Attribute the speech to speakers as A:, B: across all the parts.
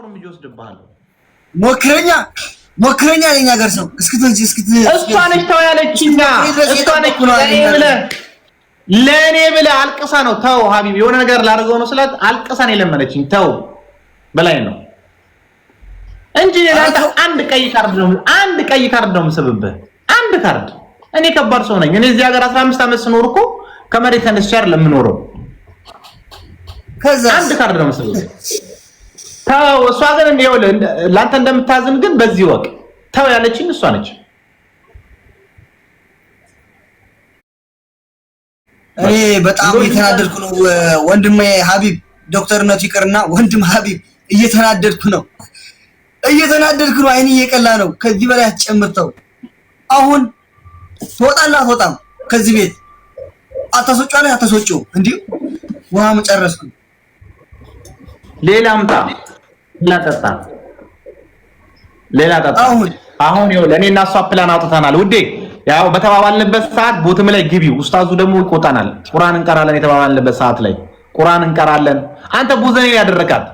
A: እርምጃ ወስድብሃለሁ። ሞክረኛ ሞክረኛ ነኝ ሀገር ሰው እስክትልጂ እስክት
B: እሷ ነች ተው ያለችኛ እሷ ነች ለእኔ ብለህ ለእኔ ብለህ አልቅሳ ነው ተው ሀቢብ የሆነ ነገር ላደርገው ነው ስላት አልቅሳ ነው የለመነችኝ ተው በላይ ነው እንጂ ለአንተ አንድ ቀይ ካርድ ነው አንድ ቀይ ካርድ ነው የምስብብህ አንድ ካርድ እኔ ከባድ ሰው ነኝ እኔ እዚህ ሀገር 15 ዓመት ስኖር እኮ ከመሬት ተነስቼ አይደለም የምኖረው ከዛ አንድ ካርድ ነው የምስብብህ ተው። እሷ ግን እንደው ላንተ እንደምታዝን ግን በዚህ ወቅ ተው ያለችኝ እሷ ነች።
A: እኔ በጣም እየተናደድኩ ነው ወንድሜ ሀቢብ፣ ዶክተርነቱ ይቅርና ወንድም ሀቢብ እየተናደድኩ ነው፣ እየተናደድኩ ነው። አይኔ እየቀላ ነው። ከዚህ በላይ አትጨምርተው። አሁን ትወጣላ አትወጣም? ከዚህ ቤት አታስወጪ አለ አታስወጪው። እንዲሁ ውሃ መጨረስኩ።
B: ሌላ አምጣ ሌላ ጠጣ፣ ሌላ ጠጣ። አሁን ይኸውልህ እኔ እና እሷ ፕላን አውጥተናል ውዴ። ያው በተባባልንበት ሰዓት ቦትም ላይ ግቢ። ኡስታዙ ደግሞ ይቆጣናል። ቁርአን እንቀራለን የተባባልንበት ሰዓት ላይ ቁርአን እንቀራለን። አንተ ቦዘኔ ያደረካት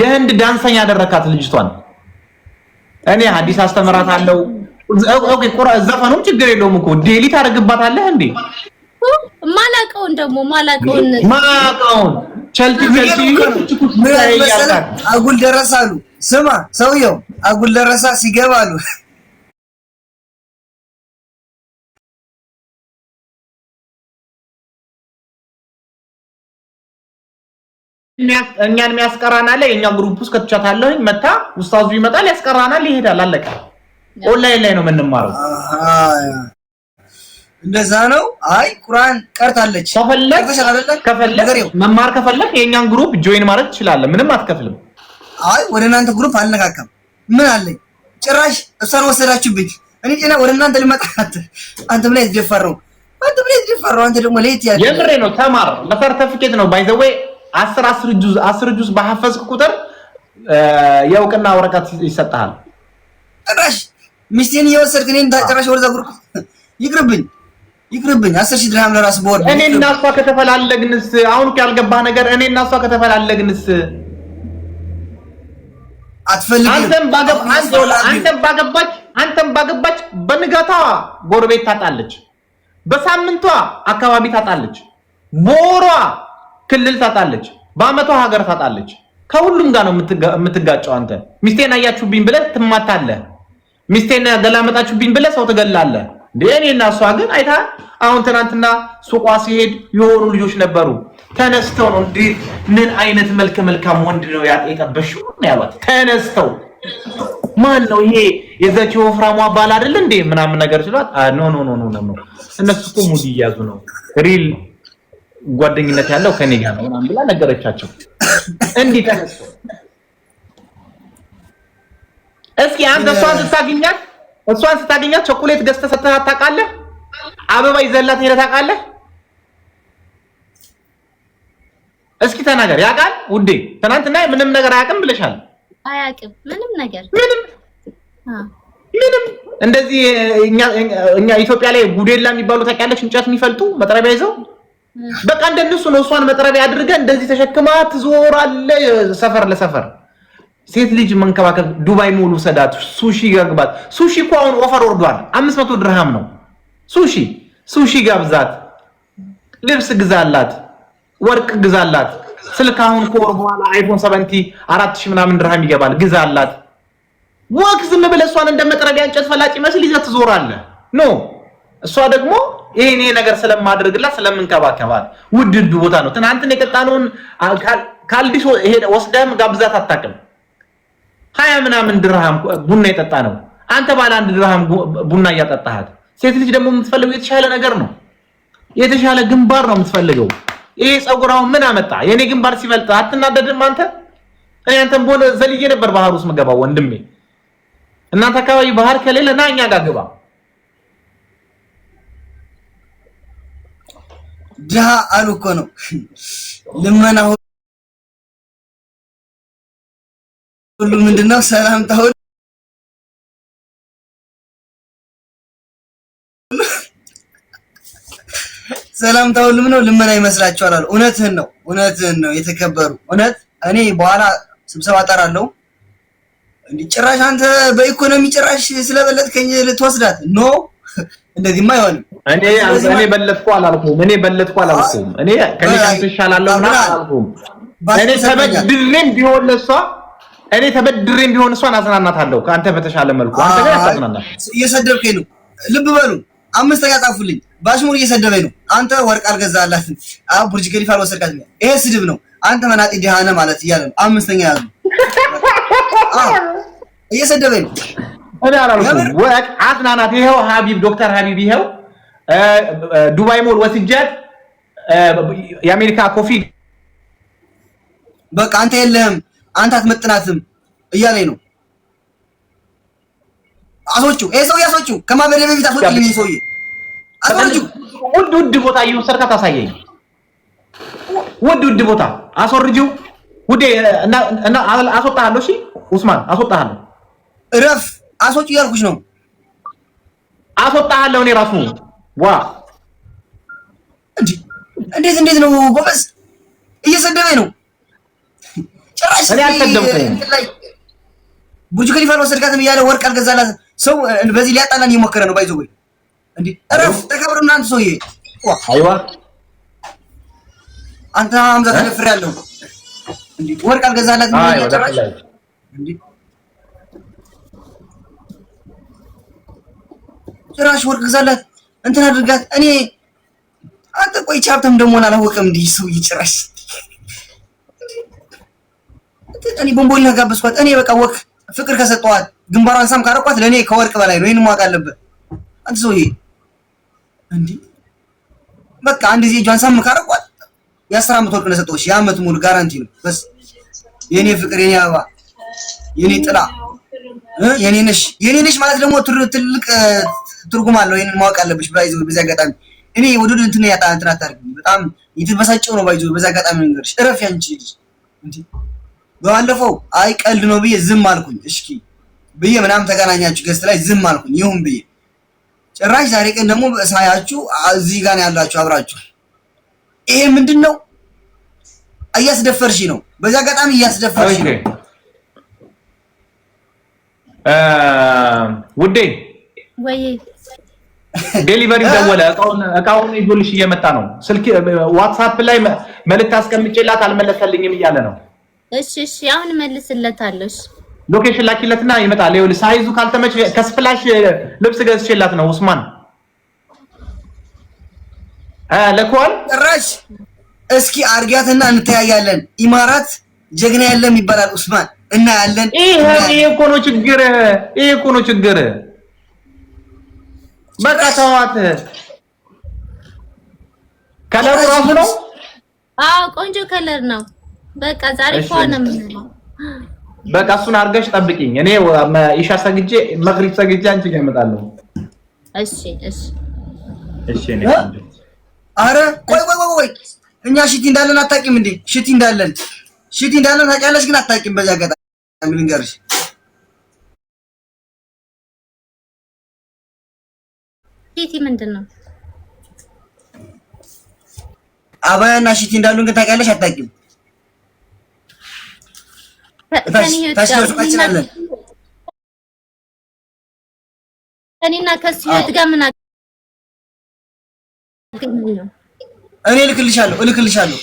B: የህንድ ዳንሰኛ ያደረካት ልጅቷን እኔ አስተምራት አለው። ኦኬ ቁርአን ዘፈኑም ችግር የለውም እኮ ዴሊት አደርግባታለህ እንዴ?
C: ማላቀውን ደግሞ ማላቀውን
A: ማላቀውን ቸልቲ ቸልቲ አጉል ደረሳሉ። ስማ ሰውየው አጉል ደረሳ ሲገባሉ
B: እኛን የሚያስቀራናል። የእኛን ግሩፕ ውስጥ ከትቻታለሁ መታ ውስታዙ ይመጣል፣ ያስቀራናል፣ ይሄዳል። አለቀ። ኦንላይን ላይ ነው የምንማረው።
A: እንደዛ ነው። አይ ቁርአን ቀርታለች። ከፈለክ ከፈለክ
B: መማር ከፈለክ የእኛን ግሩፕ ጆይን ማለት ትችላለህ። ምንም አትከፍልም።
A: አይ ወደ እናንተ ግሩፕ አልነካከም። ምን አለኝ ጭራሽ እሷን ወሰዳችሁብኝ። እኔ ጤና ወደ እናንተ ልመጣ አንተ ምን የተደፈረው አንተ ምን የተደፈረው አንተ ደግሞ ለየት
B: ያለ የምሬ ነው። ተማር ለሰርተፊኬት ነው። ባይ ዘ ዌይ አስር አስር ጁዝ አስር ጁዝ በሐፈዝክ ቁጥር የእውቅና ወረቀት ይሰጥሃል።
A: ጭራሽ ሚስቴን እየወሰድክ እኔን ጭራሽ ወደዛ ግሩፕ ይቅርብኝ። ይቅርብኝ። አስር ሺህ ድርሃም ለራስ በወር
B: እኔ እና እሷ ከተፈላለግንስ? አሁን ያልገባህ ነገር እኔ እና እሷ ከተፈላለግንስ? አትፈልግም። አንተም ባገባች አንተም ባገባች በንጋታ ጎረቤት ታጣለች፣ በሳምንቷ አካባቢ ታጣለች፣ በወሯ ክልል ታጣለች፣ በአመቷ ሀገር ታጣለች። ከሁሉም ጋር ነው የምትጋጨው። አንተ ሚስቴን አያችሁብኝ ብለህ ትማታለህ። ሚስቴን ገላመጣችሁብኝ ብለህ ሰው ትገላለህ። እኔ እና እሷ ግን አይታ አሁን ትናንትና ሱቋ ሲሄድ የሆኑ ልጆች ነበሩ ተነስተው ነው እንዴ ምን አይነት መልከ መልካም ወንድ ነው የጠበሽው ነው ያሏት። ተነስተው ማን ነው ይሄ የዛች ወፍራሟ አባል አይደል እንዴ ምናምን ነገር ስሏት፣ ኖ ኖ ኖ ኖ ኖ እነሱ እኮ ሙድ እያዙ ነው፣ ሪል ጓደኝነት ያለው ከኔ ጋር ነው ምናምን ብላ ነገረቻቸው። እንዲህ ተነስተው እስኪ አንተ እሷን ስታገኛት እሷን ስታገኛት ቸኮሌት ገዝተህ ሰጥተህ ታውቃለህ? አበባ ይዘህላት ሄደህ ታውቃለህ? እስኪ ተናገር። ያውቃል ውዴ? ትናንትና ምንም ነገር አያውቅም ብለሻል።
C: አያውቅም ምንም ነገር
B: ምንም ምንም። እንደዚህ እኛ ኢትዮጵያ ላይ ጉዴላ የሚባሉ ታውቂያለሽ? እንጨት የሚፈልጡ መጥረቢያ ይዘው በቃ እንደነሱ ነው። እሷን መጥረቢያ አድርገህ እንደዚህ ተሸክማ ትዞራለህ ሰፈር ለሰፈር ሴት ልጅ መንከባከብ ዱባይ ሙሉ ሰዳት ሱሺ ጋግባት። ሱሺ እኮ አሁን ኦፈር ወርዷል። አምስት መቶ ድርሃም ነው ሱሺ። ሱሺ ጋብዛት፣ ልብስ ግዛላት፣ ወርቅ ግዛላት። ስልክ አሁን ከወር በኋላ አይፎን ሰቨንቲ አራት ሺህ ምናምን ድርሃም ይገባል። ግዛላት። ወክ ዝም ብለህ እሷን እንደመጥረቢያ እንጨት ፈላጭ መስል ይዘህ ትዞራለህ። ኖ እሷ ደግሞ ይሄን ይሄ ነገር ስለማድረግላት ስለምንከባከባት ውድድ ቦታ ነው። ትናንትን የቀጣነውን ካልዲስ ወስደህም ጋብዛት አታውቅም። ሀያ ምናምን ድርሃም ቡና የጠጣ ነው። አንተ ባለ አንድ ድርሃም ቡና እያጠጣሃት፣ ሴት ልጅ ደግሞ የምትፈልገው የተሻለ ነገር ነው። የተሻለ ግንባር ነው የምትፈልገው። ይሄ ጸጉራውን ምን አመጣ? የእኔ ግንባር ሲበልጥ አትናደድም አንተ? እኔ አንተም በሆነ ዘልዬ ነበር ባህር ውስጥ ምገባ ወንድሜ። እናንተ አካባቢ ባህር ከሌለ ና እኛ ጋር ግባ።
A: ድሃ አሉ እኮ ነው ልመና ሁሉ ምንድነው ሰላምታውን ሰላምታ ሁሉም ነው ልመና ይመስላችኋል አሉ። እውነትህን ነው፣ እውነትህን ነው። የተከበሩ እውነት እኔ በኋላ ስብሰባ ጠራለሁ። እንዲህ ጭራሽ አንተ በኢኮኖሚ ጭራሽ ስለበለጥከኝ ልትወስዳት ኖ፣ እንደዚህማ አይሆንም።
B: እኔ እኔ በለጥኩ አላልኩም። እኔ በለጥኩ አላልኩም። እኔ ከኔ ካንተ ይሻላለሁ አላልኩም። እኔ ተበድሬም ቢሆን ለሷ እኔ ተበድሬም ቢሆን እሷን አዝናናታለሁ ከአንተ በተሻለ መልኩ። አንተ ግን አታዝናና።
A: እየሰደብከኝ ነው። ልብ በሉ አምስት ቀን ጻፉልኝ። ባሽሙር እየሰደበኝ ነው። አንተ ወርቅ አልገዛላት አልገዛላትም፣ ቡርጅ ከሊፋ አልወሰድካትም። ይሄ ስድብ ነው። አንተ መናጢ ዲሃነ ማለት እያለ ነው። አምስተኛ ያዝ እየሰደበኝ ነው።
B: እኔ አላልኩም ወርቅ አዝናናት። ይኸው ሀቢብ ዶክተር ሀቢብ ይኸው ዱባይ ሞል ወስጀት የአሜሪካ ኮፊ
A: በቃ አንተ የለህም አንተ አትመጥናትም እያለኝ ነው። አስወጪው፣ ይሄ ሰውዬ አስወጪው፣ ከማበደ በፊት አስወጪልኝ። ይሄ ሰውዬ አስወጪው።
B: ውድ ውድ ቦታ እየወሰድካ ታሳየኝ። ውድ ውድ ቦታ አስወርጂው። ውዴ እና እና አስወጣሃለሁ። እሺ ኡስማን አስወጣሃለሁ።
A: እረፍ። አስወጪው ያልኩሽ ነው።
B: አስወጣሃለሁ። እኔ ራሱ ዋ
A: እንዴት እንዴት ነው ጎበዝ፣ እየሰደበኝ ነው
B: እኔ አልሰደብኩም።
A: ቡርጅ ከሊፋን ወሰድካትም እያለ ወርቅ አልገዛላት ሰው በዚህ ሊያጣላን እየሞከረ ነው። ባይዘው እንዴ እረፍ፣ ተከብር እናንተ ሰውዬ። አይዋ አንተ ሀምዛ ተደፍር ያለው እንዴ ወርቅ አልገዛላት እንዴ ጭራሽ ወርቅ ገዛላት እንትን አድርጋት። እኔ አንተ ቆይ ቻብተም ደግሞ አላወቅም እንዴ ሰውዬ ጭራሽ እኔ ቦምቦሊና ጋበዝኳት። እኔ በቃ ወክ ፍቅር ከሰጠዋት ግንባሯን ሳም ካረኳት ለእኔ ከወርቅ በላይ ነው። ይህን ማወቅ አለበት አንተ ሰውዬ። እንዲህ በቃ አንድ ጊዜ እጇን ሳም ካረኳት የአስር ዓመት ወርቅ ነው የሰጠሁሽ። የዓመት ሙሉ ጋራንቲ ነው። በስ የእኔ ፍቅር፣ የኔ አበባ፣ የኔ ጥላ፣ የኔ ነሽ። የኔ ነሽ ማለት ደግሞ ትልቅ ትርጉም አለው። ይህንን ማወቅ አለብሽ። ባይዞ በዚህ አጋጣሚ እኔ ወደ እንትን ያጣ እንትን አታርጊ። በጣም እየተበሳጨው ነው። ባይዞ በዛ አጋጣሚ ነገርሽ እረፍ ያንቺ ልጅ እንዲህ በባለፈው አይ ቀልድ ነው ብዬ ዝም አልኩኝ። እሽኪ ብዬ ምናምን ተገናኛችሁ ገስት ላይ ዝም አልኩኝ ይሁን ብዬ ጭራሽ ዛሬ ቀን ደግሞ ሳያችሁ እዚህ ጋር ያላችሁ አብራችሁ ይሄ ምንድን ነው? እያስደፈርሽ ነው። በዚህ አጋጣሚ እያስደፈርሽ ነው።
B: ውዴ ወይ ዴሊቨሪ ደወለ። እቃውን ይዞልሽ እየመጣ ነው። ስልክ ዋትሳፕ ላይ መልእክት አስቀምጬላት አልመለሰልኝም እያለ ነው
C: እሺ እሺ፣ አሁን መልስለታለሁ።
B: ሎኬሽን ላኪለትና ይመጣል። ይኸውልህ ሳይዙ ካልተመች ከስፍላሽ ልብስ ገዝቼላት ነው። ኡስማን አ ለኳል
A: ጭራሽ እስኪ አርጊያትና እንተያያለን። ኢማራት ጀግና ያለም ይባላል። ኡስማን እና ያለን
B: ይሄ እኮ ነው ችግር፣ ይሄ እኮ ነው ችግር። በቃ ተዋት። ከለሩ ራሱ ነው።
C: አዎ ቆንጆ ከለር ነው። በቃ ዛሬ ሆነም
B: በቃ እሱን አድርገሽ ጠብቂኝ። እኔ ኢሻ ሰግጄ መግሪብ ሰግጄ አንቺ ጋር እመጣለሁ። እሺ እሺ እሺ። እኔ
A: ኧረ ቆይ ቆይ ቆይ፣ እኛ ሽቲ እንዳለን አታውቂም እንዴ? ሽቲ እንዳለን ሽቲ እንዳለን ታውቂያለሽ፣ ግን አታውቂም። በዛ አጋጣሚ ልንገርሽ
C: ሽቲ ምንድን ነው?
A: አባያና ሽቲ እንዳሉን ግን ታውቂያለሽ፣ አታውቂም
C: ከእኔና ከእሱ ህይወት ጋር ምን አገናኘው?
A: እኔ እልክልሻለሁ እልክልሻለሁ።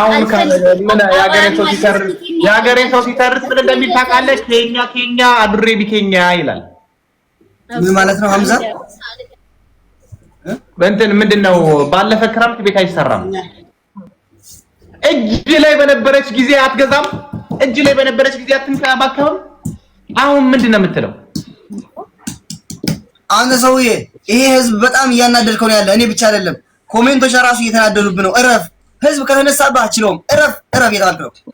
B: አሁን የሀገሬ ሰው ሲተርት ምን እንደሚል ታውቃለች። ኬኛ ኬኛ አዱሬ ቢኬኛ ይላል።
A: ምን ማለት ነው ሀምዛ?
B: እንትን ምንድን ነው? ባለፈ ክረምት ቤት አይሰራም እጅ ላይ በነበረች ጊዜ አትገዛም፣ እጅ ላይ በነበረች ጊዜ አትንከባከብም። አሁን ምንድን ነው የምትለው?
A: አንተ ሰውዬ ይሄ ህዝብ በጣም እያናደድከው ነው ያለ። እኔ ብቻ አይደለም ኮሜንቶች ራሱ እየተናደዱብን ነው። እረፍ ህዝብ ከተነሳብህ አችለውም። እረፍ እረፍ እየተባልክ ነው።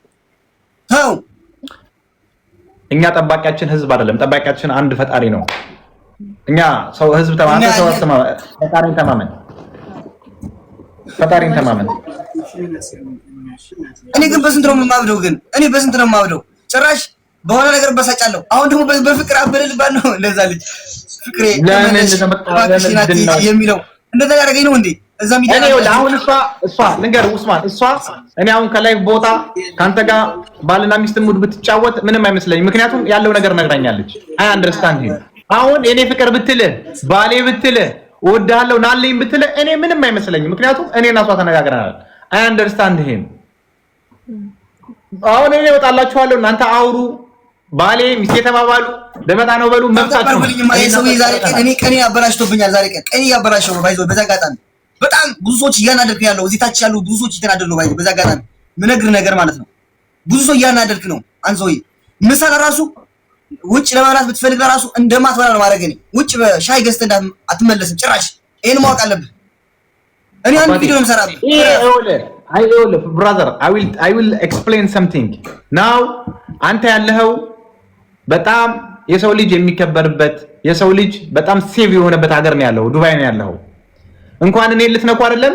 A: ተው
B: እኛ ጠባቂያችን ህዝብ አይደለም። ጠባቂያችን አንድ ፈጣሪ ነው። እኛ ሰው ህዝብ ተማመን፣ ፈጣሪን ተማመን፣ ፈጣሪን ተማመን።
A: እኔ ግን በስንት ነው የማብደው? ግን እኔ በስንት ነው የማብደው? ጭራሽ በሆነ ነገር በሳጫለሁ። አሁን ደግሞ በፍቅር አበደልባት ነው ለዛ ልጅ ፍቅሬ የሚለው እንደዛ ያደረገኝ ነው እንዴ?
B: እዛ አሁን እሷ እሷ ንገር ውስማን እሷ እኔ አሁን ከላይ ቦታ ከአንተ ጋር ባልና ሚስት ሙድ ብትጫወት ምንም አይመስለኝ። ምክንያቱም ያለው ነገር ነግራኛለች። አይ አንደርስታንድ አሁን እኔ ፍቅር ብትል ባሌ ብትል ወዳለው ናለኝ ብትል እኔ ምንም አይመስለኝ። ምክንያቱም እኔ እና እሷ ተነጋግረናል። አይ አንደርስታንድ ሂም። አሁን እኔ እወጣላችኋለሁ፣ እናንተ አውሩ፣ ባሌ ሚስቴ ተባባሉ፣ ደመጣ ነው በሉ።
A: መብታችሁ እኔ ቀኔ አበላሽቶብኛል። ዛሬ ቀን ቀኔ ያበላሸው ነው ባይዞ። በዛ አጋጣሚ በጣም ብዙ ሰዎች እያናደድክ ያለው። እዚህ ታች ያሉ ብዙ ሰዎች እየተናደዱ ነው ባይዞ። በዛ አጋጣሚ ምነግር ነገር ማለት ነው። ብዙ ሰው እያናደድክ ነው። አንተ ሰውዬ ምሳ ለራሱ ውጭ ለማብላት ብትፈልግ ለራሱ እንደማትበላ ነው ማድረግ። እኔ ውጭ በሻይ ገዝተህ አትመለስም ጭራሽ ይሄን ማወቅ አለብህ። እኔ አንድ
D: ቪዲዮ እምሰራበት ብራዘር አይ ዊል ኤክስፕሌን ሰምቲንግ ናው አንተ ያለኸው በጣም የሰው ልጅ የሚከበርበት የሰው ልጅ በጣም ሴቭ የሆነበት ሀገር ነው ያለው። ዱባይ ነው ያለው። እንኳን እኔ ልትነኩ አይደለም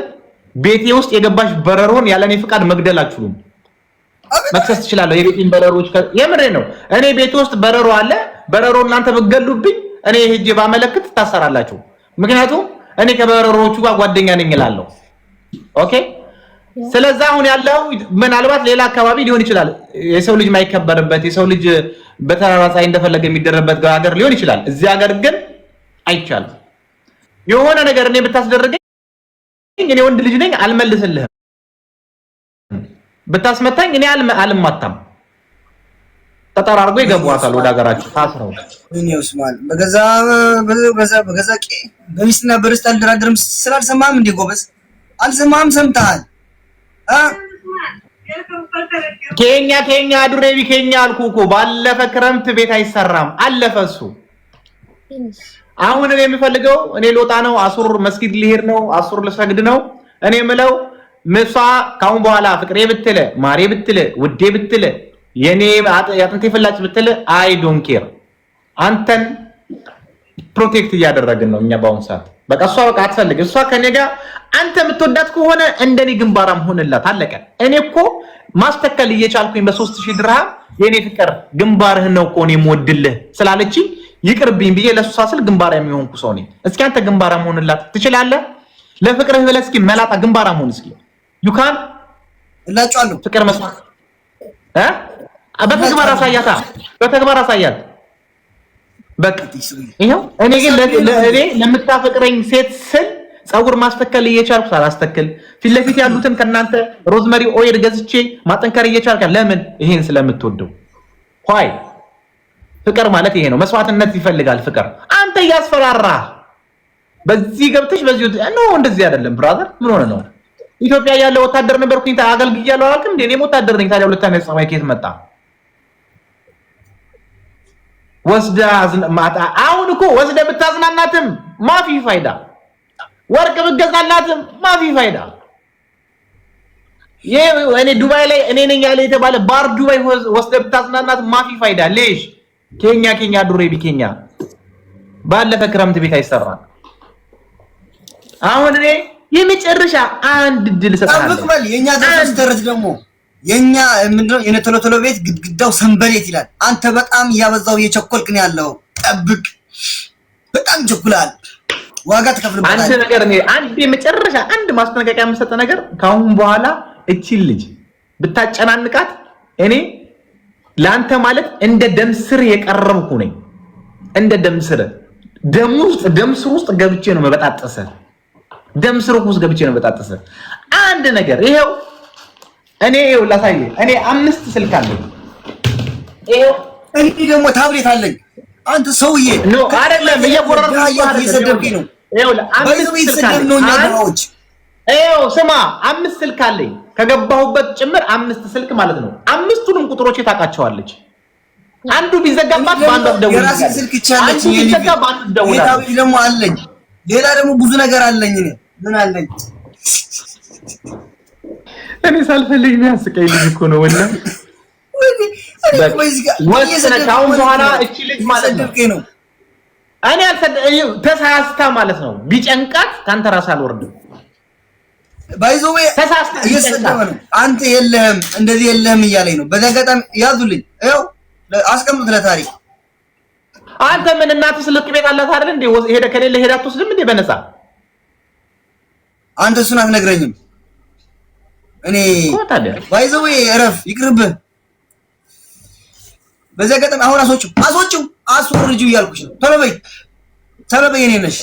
D: ቤቴ ውስጥ የገባሽ በረሮን ያለ ፍቃድ መግደል አችሉም። መክሰስ ትችላለህ። የቤቴን በረሮች የምሬ ነው። እኔ ቤቴ ውስጥ በረሮ አለ። በረሮ እናንተ ብትገሉብኝ እኔ ሄጄ ባመለክት ትታሰራላችሁ። ምክንያቱም እኔ ከበረሮቹ ጋር ጓደኛ ነኝ እላለሁ። ኦኬ። ስለዛ አሁን ያለው ምናልባት ሌላ አካባቢ ሊሆን ይችላል። የሰው ልጅ የማይከበርበት የሰው ልጅ በተራራ ሳይ እንደፈለገ የሚደረበት ሀገር ሊሆን ይችላል። እዚህ ሀገር ግን አይቻልም። የሆነ ነገር እኔ ብታስደርገኝ እኔ ወንድ ልጅ ነኝ አልመልስልህም። ብታስመታኝ እኔ አልማታም። ተጠራርጎ ይገቧታል ወደ ሀገራቸው ታስረው።
A: በገዛ በገዛ ቄ በሚስትና በርስት አልደራደርም ስላልሰማህም እንዴ ጎበዝ? አልሰማህም? ሰምተሃል?
B: ኬኛ ኬኛ ዱሬቢ ቢኬኛ አልኩህ እኮ ባለፈ ክረምት ቤት አይሰራም አለፈ እሱ። አሁን እኔ የምፈልገው እኔ ልወጣ ነው፣ አሱር መስጊድ ልሄድ ነው፣ አሱር ልሰግድ ነው። እኔ ምለው ምሷ ካሁን በኋላ ፍቅሬ ብትለ ማሬ ብትለ ውዴ ብትለ የኔ የአጥንቴ ፍላጭ ብትል አይ ዶን ኬር አንተን ፕሮቴክት እያደረግን ነው እኛ በአሁኑ ሰዓት። በቃ እሷ በቃ አትፈልግ። እሷ ከኔ ጋር አንተ የምትወዳት ከሆነ እንደኔ ግንባራም ሆንላት። አለቀ። እኔ እኮ ማስተከል እየቻልኩኝ በሶስት ሺህ ድርሃም የእኔ ፍቅር ግንባርህን ነው እኮ እኔ የምወድልህ ስላለች ይቅርብኝ ብዬ ለእሷ ስል ግንባራ የሚሆንኩ ሰው ነኝ። እስኪ አንተ ግንባራ መሆንላት ትችላለህ? ለፍቅርህ ብለህ እስኪ መላጣ ግንባራ መሆን እስኪ ዩካን እላጫለሁ ፍቅር መስማት በተግባር አሳያታ፣ በተግባር አሳያት። በቃ እኔ ግን ለእኔ ለምታፈቅረኝ ሴት ስል ፀጉር ማስተከል እየቻልኩ ሳላስተክል ፊት ለፊት ያሉትን ከናንተ ሮዝመሪ ኦይል ገዝቼ ማጠንከር እየቻልከ ለምን? ይሄን ስለምትወደው ኳይ። ፍቅር ማለት ይሄ ነው። መስዋዕትነት ይፈልጋል ፍቅር። አንተ እያስፈራራ በዚህ ገብተሽ በዚህ ኖ፣ እንደዚህ አይደለም ብራዘር። ምን ሆነ ነው ኢትዮጵያ ያለ ወታደር ነበርኩኝ አገልግያለሁ አላልክም? እኔም ወታደር ነኝ። ታዲያ ሁለት ዓመት ጸባይ ከየት መጣ? ወስዳ ወስደ አሁን እኮ ወስደ ብታዝናናትም ማፊ ፋይዳ፣ ወርቅ ብገዛላትም ማፊ ፋይዳ። ይሄ እኔ ዱባይ ላይ እኔ ነኝ ያለ የተባለ ባር ዱባይ ወስደ ብታዝናናት ማፊ ፋይዳ። ሌሽ ኬኛ ኬኛ ዱሬ ቢኬኛ ባለፈ ክረምት ቤት አይሰራም። አሁን እኔ የመጨረሻ አንድ ድል
A: ሰጣለሁ። ጠብቅ በል የኛ ዘፈን ስተርት ደግሞ የኛ ምንድነው የነቶሎቶሎ ቤት ግድግዳው ሰንበሌት ይላል። አንተ በጣም እያበዛው እየቸኮልክ ነው ያለው። ጠብቅ፣ በጣም ቸኩላል። ዋጋ ትከፍልበታለህ።
B: አንድ ነገር ነው፣ አንድ የመጨረሻ አንድ ማስጠንቀቂያ የምሰጠ ነገር ከአሁን በኋላ እቺን ልጅ ብታጨናንቃት እኔ ለአንተ ማለት እንደ ደምስር የቀረብኩ ነኝ። እንደ ደምስር ደም ውስጥ ደምስር ውስጥ ገብቼ ነው መበጣጠሰ ደምስር ውስጥ ገብቼ ነው መበጣጠሰ አንድ ነገር ይሄው እኔ ይኸው ላሳየ እኔ አምስት ስልክ አለኝ።
A: ይኸው እኔ ደግሞ ታብሌት አለኝ። አንተ ሰውዬ
B: አይደለም፣ እየቆረጥኩ
A: እየሰደብኝ ነው።
B: ይኸው ስማ፣ አምስት ስልክ አለኝ ከገባሁበት ጭምር አምስት ስልክ ማለት ነው። አምስቱንም ቁጥሮቼ ታውቃቸዋለች። አንዱ ቢዘጋባት በአንዱ አትደውልም።
A: የራሴን ስልክ ይቻለች። አንዱ ቢዘጋ በአንዱ ትደውላለች። ደግሞ አለኝ ሌላ ደግሞ ብዙ ነገር አለኝ። እኔ ምን አለኝ
B: እኔ ሳልፈልግ የሚያስቀኝ ልጅ እኮ ነው። ወላ ከአሁን በኋላ እቺ ልጅ ማለት ነው እኔ ተሳስታ ማለት ነው ቢጨንቃት ከአንተ ራስ አልወርድም።
A: ባይዞ እየሰደበ ነው። አንተ የለህም እንደዚህ የለህም እያለኝ ነው። በዚህ ያዙልኝ፣ ያው አስቀምጡት ለታሪክ።
B: አንተ ምን እናትህ ስልክ ቤት አላት አይደል? እንደ ሄደ ከሌለ ሄዳ አትወስድም እንዴ በነፃ?
A: አንተ እሱን አትነግረኝም እኔ ባይዘው እረፍ፣ ይቅርብህ። በዚያ ገጠም አሁን አስወጪው፣ አስወጪው፣ አስወርጂው እያልኩሽ ነው። ቶሎ በይ፣ ቶሎ በይ። የኔ ነሽ፣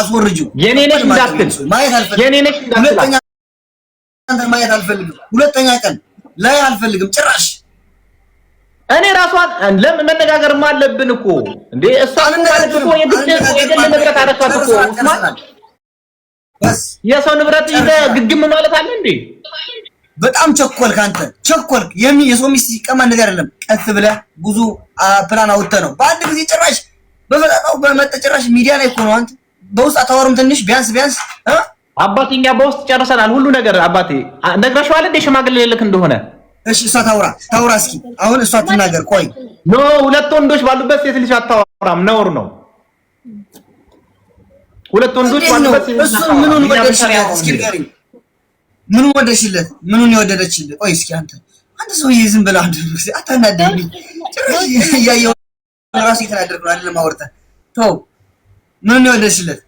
A: አስወርጂው።
B: የኔ ነሽ እንዳትል፣ ማየት አልፈልግም። የኔ ነሽ
A: እንዳትል ማየት አልፈልግም ሁለተኛ አንተ ማየት አልፈልግም። ሁለተኛ ቀን ላይ አልፈልግም ጭራሽ።
B: እኔ ራሷን ለምን መነጋገርም አለብን እኮ እንዴ! እሷ ምን ታደርግ እኮ የግድ የግል ንብረት የሰው ንብረት ይዘህ ግግም ማለት አለ እንዴ?
A: በጣም ቸኮልክ አንተ ቸኮልክ። የሰው ሚስት ሲቀማ እንደዚህ አይደለም። ቀስ ብለህ ብዙ ፕላን አውጥተህ ነው። በአንድ ጊዜ ጭራሽ በመጣው በመጠ ጭራሽ ሚዲያ ላይ እኮ ነው አንተ። በውስጥ አታወሩም? ትንሽ ቢያንስ ቢያንስ
B: አባቴ፣ እኛ በውስጥ ጨርሰናል ሁሉ ነገር አባቴ። ነግረሽዋል እንዴ ሽማግሌ ልልክ እንደሆነ?
A: እሺ እሷ ታውራ ታውራ። እስኪ አሁን እሷ ትናገር። ቆይ
B: ኖ ሁለት ወንዶች ባሉበት ሴት ልጅ አታወራም፣ ነውር ነው። ሁለት ወንዶች
A: ባሉበት እሱ ምኑን ወደድሽለት? እስኪ ንገሪኝ። ምኑን ወደድሽለት? ምኑን የወደደችልህ? ቆይ እስኪ አንተ አንተ ሰውዬ ዝም ብለህ አንድ ጊዜ አታናደኝ። እያየሁ ራሱ የተናደድኩ ነው አይደለም። አውርተህ ተው። ምኑን የወደድሽለት?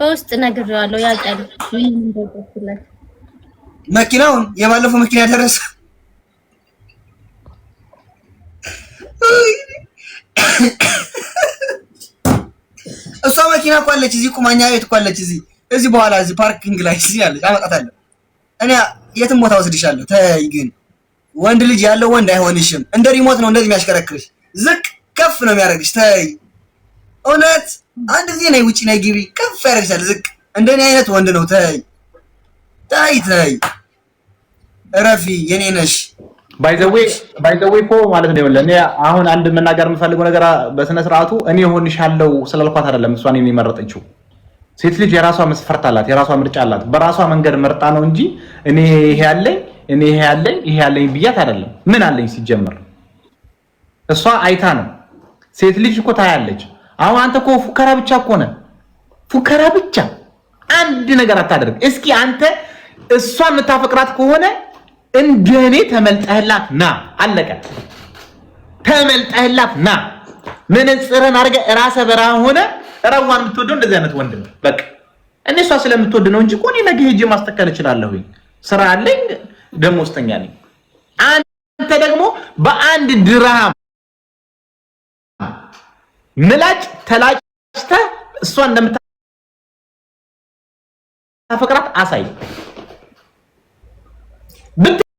C: በውስጥ ነግሬዋለሁ። ያልጣል
A: መኪናውን የባለፈው መኪና ያደረሰ እሷ መኪና እኮ አለች እዚህ፣ ቁማኛ ቤት እኮ አለች እዚህ እዚህ በኋላ እዚህ ፓርኪንግ ላይ እዚህ አለች፣ አመጣታለሁ እኔ የትም ቦታ ወስድሻለሁ። ተይ ግን ወንድ ልጅ ያለው ወንድ አይሆንሽም። እንደ ሪሞት ነው እንደዚህ የሚያሽከረክርሽ፣ ዝቅ ከፍ ነው የሚያደርግሽ። ተይ እውነት አንድ ጊዜ ነይ ውጪ ነይ ግቢ፣ ከፍ ያደርግሻል። ዝቅ እንደኔ አይነት ወንድ ነው። ተይ ተይ ተይ፣ እረፊ፣ የኔ ነሽ።
B: ባይዘዌ እኮ ማለት ነው። እኔ አሁን አንድ መናገር የምፈልገው ነገር በስነ ስርዓቱ እኔ እሆንሻለሁ ስላልኳት አይደለም እሷን የሚመረጠችው ሴት ልጅ የራሷ መስፈርት አላት፣ የራሷ ምርጫ አላት። በራሷ መንገድ መርጣ ነው እንጂ እኔ ይሄ ያለኝ እኔ ይሄ ያለኝ ይሄ ያለኝ ብያት አይደለም። ምን አለኝ ሲጀመር እሷ አይታ ነው። ሴት ልጅ እኮ ታያለች። አሁን አንተ እኮ ፉከራ ብቻ እኮ ነህ፣ ፉከራ ብቻ። አንድ ነገር አታደርግ። እስኪ አንተ እሷ የምታፈቅራት ከሆነ እንደኔ ተመልጠህላት ና አለቀ። ተመልጠህላት ና መነጽርን አድርገ ራሰ በራ ሆነ ረዋን የምትወደው እንደዚህ አይነት ወንድ ነው። በቃ እኔ እሷ ስለምትወድ ነው እንጂ እኔ ነገ ሄጄ ማስተከል እችላለሁ። ስራ አለኝ፣ ደሞዝተኛ ነኝ። አንተ ደግሞ በአንድ ድርሃም ምላጭ ተላጭተህ እሷ እንደምታፈቅራት አሳይ። The